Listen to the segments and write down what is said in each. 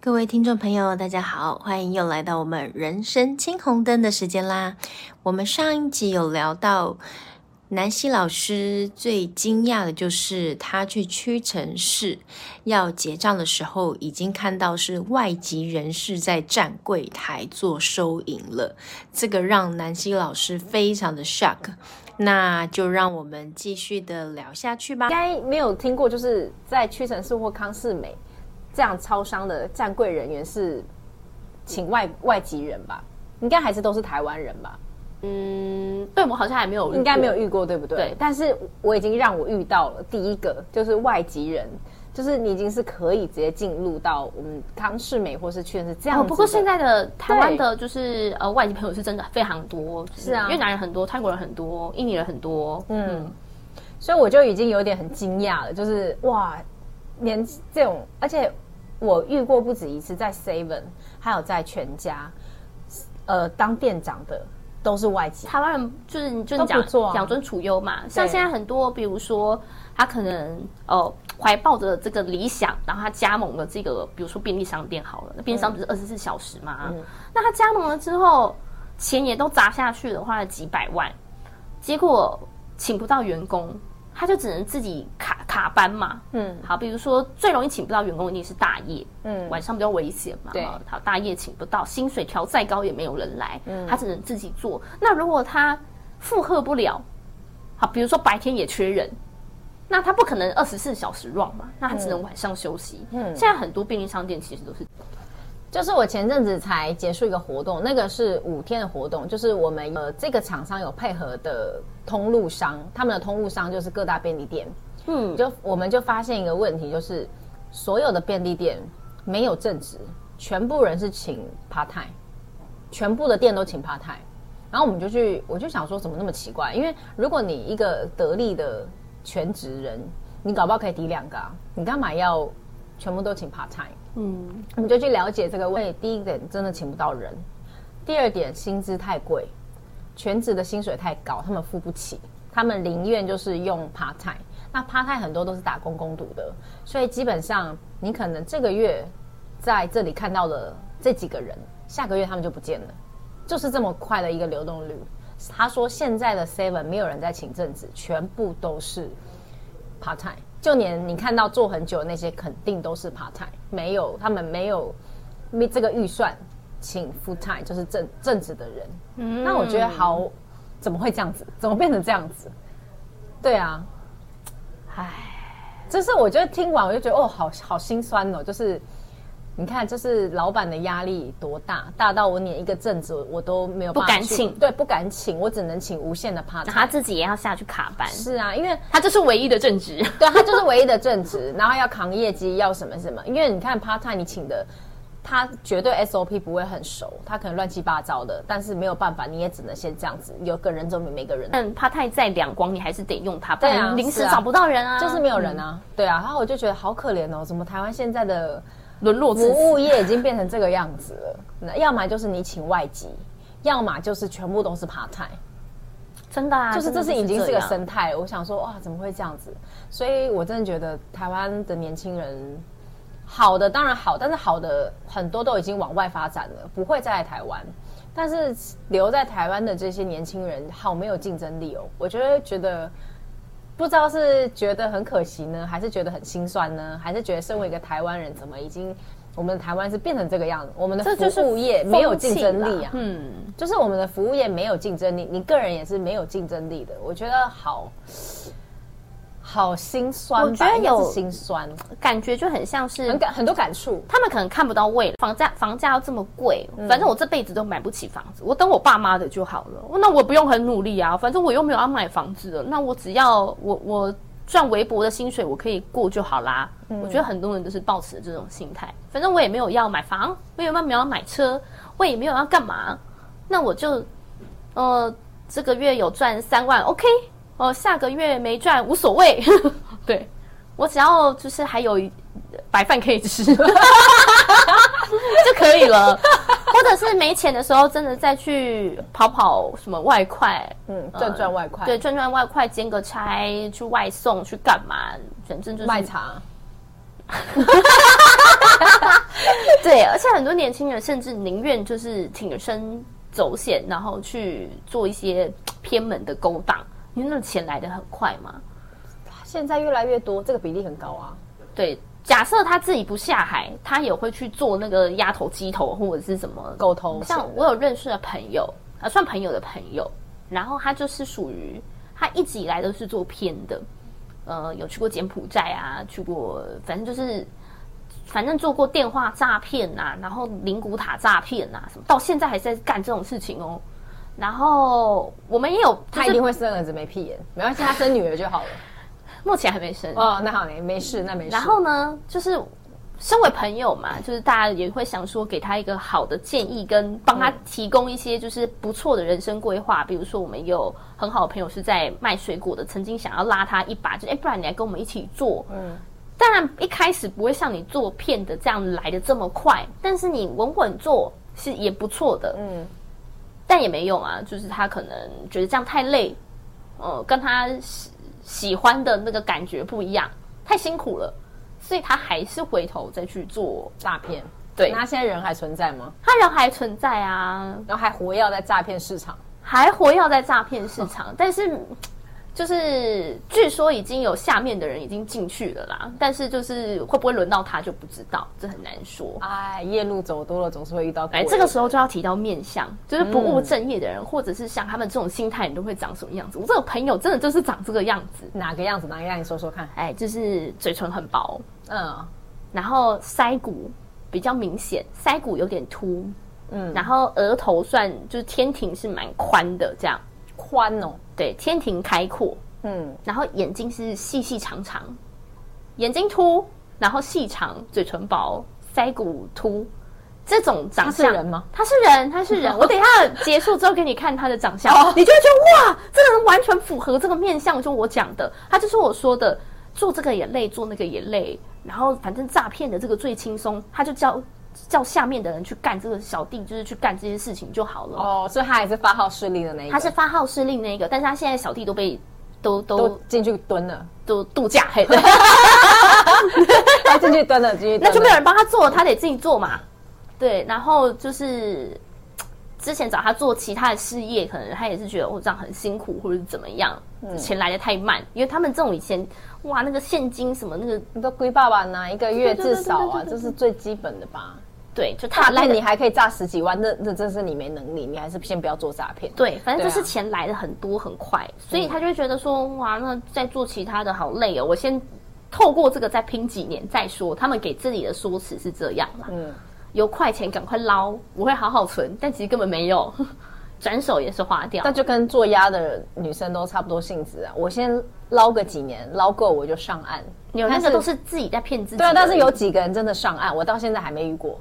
各位聽眾朋友，大家好，歡迎又來到我們人生青紅燈的時間啦。我們上一集有聊到南希老師最驚訝的就是，他去屈臣氏要結賬的時候，已經看到是外籍人士在站櫃檯做收銀了，這個讓南希老師非常的 shock。那就讓我們繼續的聊下去吧。應該沒有聽過，就是在屈臣氏或康是美。這樣超商的站櫃人員是請外、嗯、外籍人吧？應該還是都是台灣人吧？嗯，對我好像還沒有遇過，應該沒有遇過，對不對？對。但是我已經讓我遇到了第一個，就是外籍人，就是你已經是可以直接進入到我們康是美或是屈臣氏是這樣子、哦。不過現在的台灣的，就是對呃外籍朋友是真的非常多，是啊，越南人很多，泰國人很多，印尼人很多，嗯。嗯所以我就已經有點很驚訝了，就是哇，連這種而且。我遇過不止一次，在 Seven 還有在全家，呃，當店長的都是外籍台灣人，就是你就是講都，啊、養尊處優嘛。像現在很多，對 比如說他可能呃懷抱着這個理想，然後他加盟了這個，比如說便利商店好了，那便利商店不是二十四小時嗎？嗯、那他加盟了之後，錢也都砸下去了，花了幾百萬，結果請不到員工。他就只能自己卡卡班嘛，嗯，好，比如說最容易請不到員工一定是大夜，嗯，晚上比較危險嘛，對，好，大夜請不到，薪水調再高也沒有人來，嗯，他只能自己做。那如果他負荷不了，好，比如說白天也缺人，那他不可能二十四小時 run 嘛，那他只能晚上休息。嗯，嗯，現在很多便利商店其實都是。就是我前陣子才結束一個活動，那個是五天的活動，就是我們呃這個廠商有配合的通路商，他們的通路商就是各大便利店，嗯，就我們就發現一個問題，就是所有的便利店沒有正職，全部人是請 part time，全部的店都請 part time，然後我們就去，我就想說怎麼那麼奇怪，因為如果你一個得力的全職人，你搞不好可以抵兩個啊，你幹嘛要？全部都請 part time，嗯，我們就去了解這個問題。第一點，真的請不到人；第二點，薪資太貴，全職的薪水太高，他們付不起。他們寧願就是用 part time。那 part time 很多都是打工工讀的，所以基本上你可能這個月在這裡看到的這幾個人，下個月他們就不見了，就是這麼快的一個流動率。他說現在的 Seven 沒有人在請正職，全部都是 part time。就連你看到做很久的那些，肯定都是 part time，沒有他們沒有，沒這個預算請 full time 就是正正職的人。嗯。那我覺得好，怎麼會這樣子？怎麼變成這樣子？對啊，唉，就是我覺得聽完我就覺得哦，好好心酸哦，就是。你看，就是老闆的壓力多大，大到我連一個正職我都沒有辦法不敢請，對，不敢請，我只能請無限的 part time、啊、他自己也要下去卡班。是啊，因為他這是唯一的正職， 對，他就是唯一的正職，然後要扛業績，要什麼什麼。因為你看 part time 你請的，他絕對 SOP 不會很熟，他可能亂七八糟的，但是沒有辦法，你也只能先這樣子，有個人總比沒個人。但 part time 在兩光，你還是得用他，啊，對啊，臨、啊、時找不到人啊，就是沒有人啊，嗯、對啊。然後我就覺得好可憐哦，怎麼台灣現在的？淪落至此，服務業已經變成這個樣子了。那 要麼就是你請外籍，要麼就是全部都是 part time。真的啊，就是這是已經是個生態了。我想說，哇，怎麼會這樣子？所以我真的覺得台灣的年輕人，好的當然好，但是好的很多都已經往外發展了，不會再來台灣。但是留在台灣的這些年輕人，好沒有競爭力哦。我覺得覺得。不知道是覺得很可惜呢，還是覺得很心酸呢？還是覺得身為一個台灣人，怎麼已經我們台灣是變成這個樣子？我們的服務業沒有競爭力啊！嗯，就是我們的服務業沒有競爭力，你個人也是沒有競爭力的。我覺得好。好心酸，我覺得有心酸，感覺就很像是很感很多感觸。他們可能看不到未來，房價房價要這麼貴，嗯、反正我這輩子都買不起房子，我等我爸媽的就好了。那我不用很努力啊，反正我又沒有要買房子的，那我只要我我賺微薄的薪水，我可以過就好啦。嗯、我覺得很多人都是抱持這種心態，反正我也沒有要買房，我也沒有要買車，我也沒有要幹嘛，那我就呃這個月有賺三萬，OK。哦、呃，下個月沒賺無所謂，呵呵對，我只要就是還有白飯可以吃 就可以了， 或者是沒錢的時候，真的再去跑跑什麼外快，嗯，賺賺、呃、外快，對，賺賺外快，兼個差去外送去幹嘛？反正就是賣茶。 對，而且很多年輕人甚至寧願就是鋌而走險，然後去做一些偏門的勾當。因為那錢來的很快嘛，他現在越來越多，這個比例很高啊。對，假設他自己不下海，他也會去做那個鴨頭、雞頭或者是什麼狗頭。像我有認識的朋友，啊，算朋友的朋友，然後他就是屬於他一直以來都是做騙的，呃，有去過柬埔寨啊，去過，反正就是反正做過電話詐騙吶，然後靈骨塔詐騙吶，什麼，到現在還在幹這種事情哦。然後我們也有，就是、他一定會生兒子，沒屁眼，沒關係，他生女兒就好了。 目前還沒生哦，oh, 那好嘞，沒事，那沒事、嗯。然後呢，就是身為朋友嘛，就是大家也會想說，給他一個好的建議，跟幫他提供一些就是不錯的人生規劃。嗯、比如說，我們有很好的朋友是在賣水果的，曾經想要拉他一把，就哎、欸，不然你來跟我們一起做。嗯，當然一開始不會像你做片的這樣來得這麼快，但是你穩穩做是也不錯的。嗯。但也沒用啊，就是他可能覺得這樣太累，呃跟他喜喜歡的那個感覺不一樣，太辛苦了，所以他還是回頭再去做詐騙。對，那現在人還存在嗎？他人還存在啊，然後還活躍在詐騙市場，還活躍在詐騙市場，呵呵但是。就是據說已經有下面的人已經進去了啦，但是就是會不會輪到他就不知道，這很難說。哎，夜路走多了總是會遇到鬼。哎，這個時候就要提到面相，就是不務正業的人，嗯，或者是像他們這種心態，你都會長什麼樣子？我這個朋友真的就是長這個樣子。哪個樣子？哪個？你說說看。哎，就是嘴唇很薄，嗯，然後腮骨比較明顯，腮骨有點凸，嗯，然後額頭算就是天庭是蠻寬的這樣。寬哦，對，天庭開闊，嗯，然後眼睛是細細長長，眼睛凸，然後細長，嘴唇薄，腮骨凸。這種長相他是人嗎？他是人，他是人， 我等一下結束之後給你看他的長相， 你就會覺得哇，這個人完全符合這個面相，就我講的，他就是我說的做這個也累，做那個也累，然後反正詐騙的這個最輕鬆，他就教。叫下面的人去幹這個，小弟就是去幹這些事情就好了。哦，所以他也是發號施令的那一個。他是發號施令那個，但是他現在小弟都被都都都進去蹲了，都度假，嘿。 哈哈哈進去蹲了，進去了。那就沒有人幫他做了，嗯、他得自己做嘛。對，然後就是之前找他做其他的事業，可能他也是覺得我、哦、這樣很辛苦，或者是怎麼樣，錢來的太慢，嗯、因為他們這種以前哇那個現金什麼那個都歸爸爸拿，一個月至少啊，這是最基本的吧。對，就踏騙你還可以詐十幾萬，那那真是你沒能力，你還是先不要做詐騙。對，反正就是錢來的很多很快，啊、所以他就會覺得說，哇，那再做其他的好累哦，我先透過這個再拼幾年再說。他們給自己的說辭是這樣啦，嗯、有快錢趕快撈，我會好好存，但其實根本沒有，轉手也是花掉。那就跟做鴨的女生都差不多性質啊，我先撈個幾年，撈夠我就上岸。你看，這是都是自己在騙自己。對啊，但是有幾個人真的上岸，我到現在還沒遇過。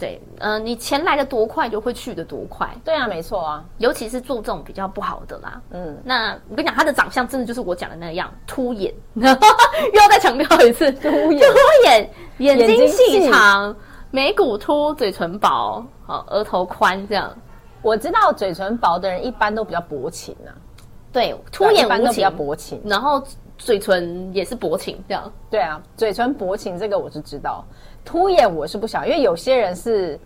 對，嗯、呃，你錢來的多快就會去的多快。對啊，沒錯啊，尤其是注重比較不好的啦。嗯，那我跟你講，他的長相真的就是我講的那樣，凸眼。然後又要再強調一次，凸眼、凸眼，眼睛細長，細眉骨凸，嘴唇薄，好，額頭寬這樣。我知道嘴唇薄的人一般都比較薄情啊。對，凸眼、啊、一般都比較薄情，然後嘴唇也是薄情這樣。對啊，嘴唇薄情這個我是知道。突眼，我是不想，因為有些人是，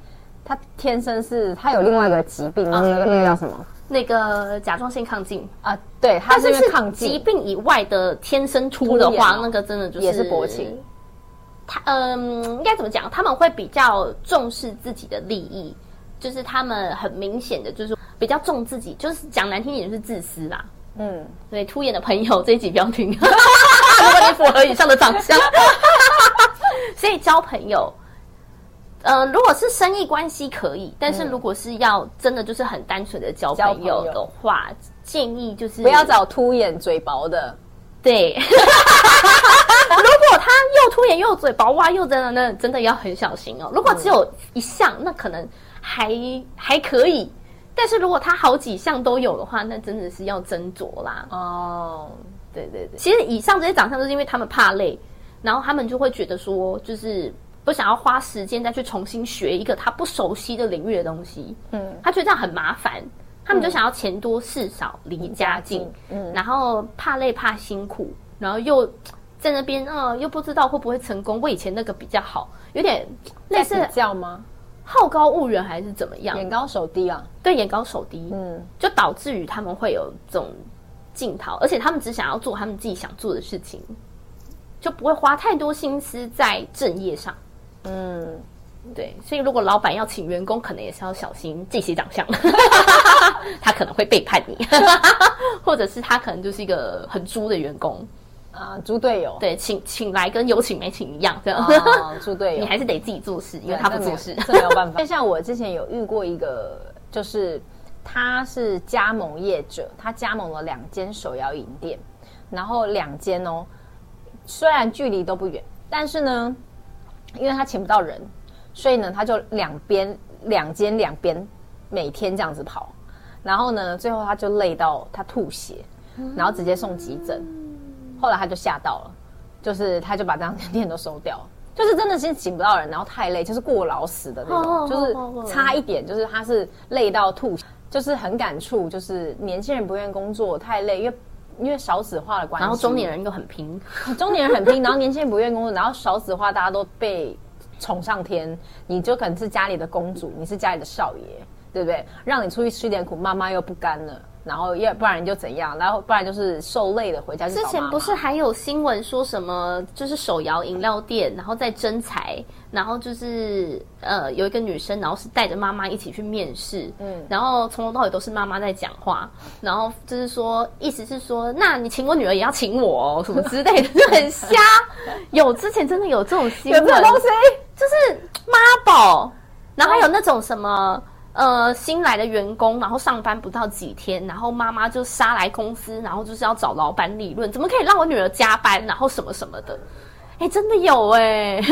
他天生是他有另外一個疾病啊，那個叫什麼？那個甲狀腺亢進啊，對，他是是疾病以外的天生突的話，那個真的就是也是薄情。他嗯，應該怎麼講？他們會比較重視自己的利益，就是他們很明顯的，就是比較重自己，就是講難聽點就是自私啦。嗯，所以突眼的朋友這一集不要聽，如果你符合以上的長相。所以交朋友，呃，如果是生意關係可以，但是如果是要真的就是很單純的交朋友的話，建議就是不要找凸眼嘴薄的。對， 如果他又凸眼又嘴薄哇，啊，又真的那真的要很小心哦。如果只有一項，嗯，那可能還還可以，但是如果他好幾項都有的話，那真的是要斟酌啦。哦，對對對，其實以上這些長相都是因為他們怕累。然後他們就會覺得說，就是不想要花時間再去重新學一個他不熟悉的領域的東西。嗯，他覺得這樣很麻煩。他們就想要錢多事少，離家近。嗯，然後怕累怕辛苦，嗯，然後又在那邊，呃，又不知道會不會成功，為以前那個比較好。有點類似這樣嗎？好高騖遠還是怎麼樣？眼高手低啊，對，眼高手低。嗯，就導致於他們會有這種鏡頭，而且他們只想要做他們自己想做的事情。就不會花太多心思在正業上，嗯，對，所以如果老闆要請員工，可能也是要小心這些長相， 他可能會背叛你， 或者是他可能就是一個很豬的員工，啊，豬隊友，對，請請來跟有請沒請一樣，啊，豬隊友， 你還是得自己做事，因為他不做事，這沒有辦法。就 像我之前有遇過一個，就是他是加盟業者，他加盟了兩間手搖飲店，然後兩間哦。嗯雖然距離都不遠，但是呢，因為他請不到人，所以呢，他就兩邊兩間兩邊每天這樣子跑，然後呢，最後他就累到他吐血，然後直接送急診。嗯、後來他就嚇到了，就是他就把這間店都收掉，就是真的是請不到人，然後太累，就是過勞死的那種，好好好好就是差一點，就是他是累到吐血，就是很感觸，就是年輕人不願意工作太累，因為。因為少子化的關係，然後中年人又很拼，中年人很拼，然後年輕人不願意工作，然後少子化大家都被寵上天，你就可能是家裡的公主，你是家裡的少爺。對不對？讓你出去吃點苦，媽媽又不甘了，然後要不然就怎樣？然後不然就是受累了回家媽媽。之前不是還有新聞說什麼，就是手搖飲料店，然後在徵才，然後就是呃有一個女生，然後是帶着媽媽一起去面試，嗯，然後從頭到尾都是媽媽在講話，然後就是說，意思是說，那你請我女兒也要請我，哦，什麼之類的， 就很瞎。有之前真的有這種新聞，有這種東西？就是媽寶，然後還有那種什麼。Oh. 呃，新來的員工，然後，上班不到幾天，然後媽媽就殺來公司，然後就是要找老板理論，怎麼可以讓我女兒加班，然後什麼什麼的，哎，真的有哎、欸，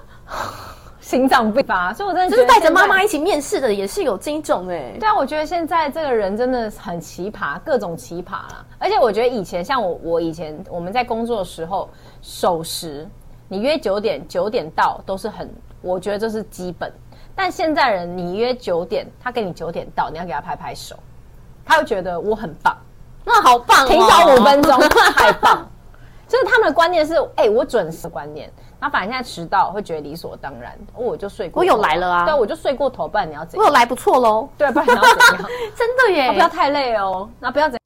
心臟病吧？所以我真的就是帶着媽媽一起面試的，也是有這一種哎、欸。對啊，我覺得現在這個人真的很奇葩，各種奇葩啦。而且我覺得以前像我，我以前我們在工作的時候守時，你約九點，九點到都是很，我覺得這是基本。但現在人，你約九點，他給你九點到，你要給他拍拍手，他會覺得我很棒，那好棒，哦，提早五分鐘， 太棒，就是他們的觀念是，哎、 欸，我準時觀念，那反正現在遲到會覺得理所當然，哦，我就睡過頭，了我有來了啊，對，我就睡過頭，不然你要怎樣，我有來不錯嘍，對，不然你要怎樣， 真的耶，哦，不要太累哦，那不要怎樣。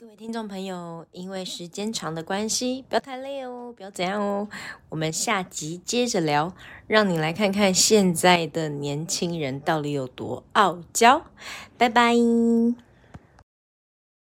各位聽眾朋友，因為時間長的關係，不要太累哦，不要怎樣哦。我們下集接着聊，讓你來看看現在的年輕人到底有多傲嬌。拜拜。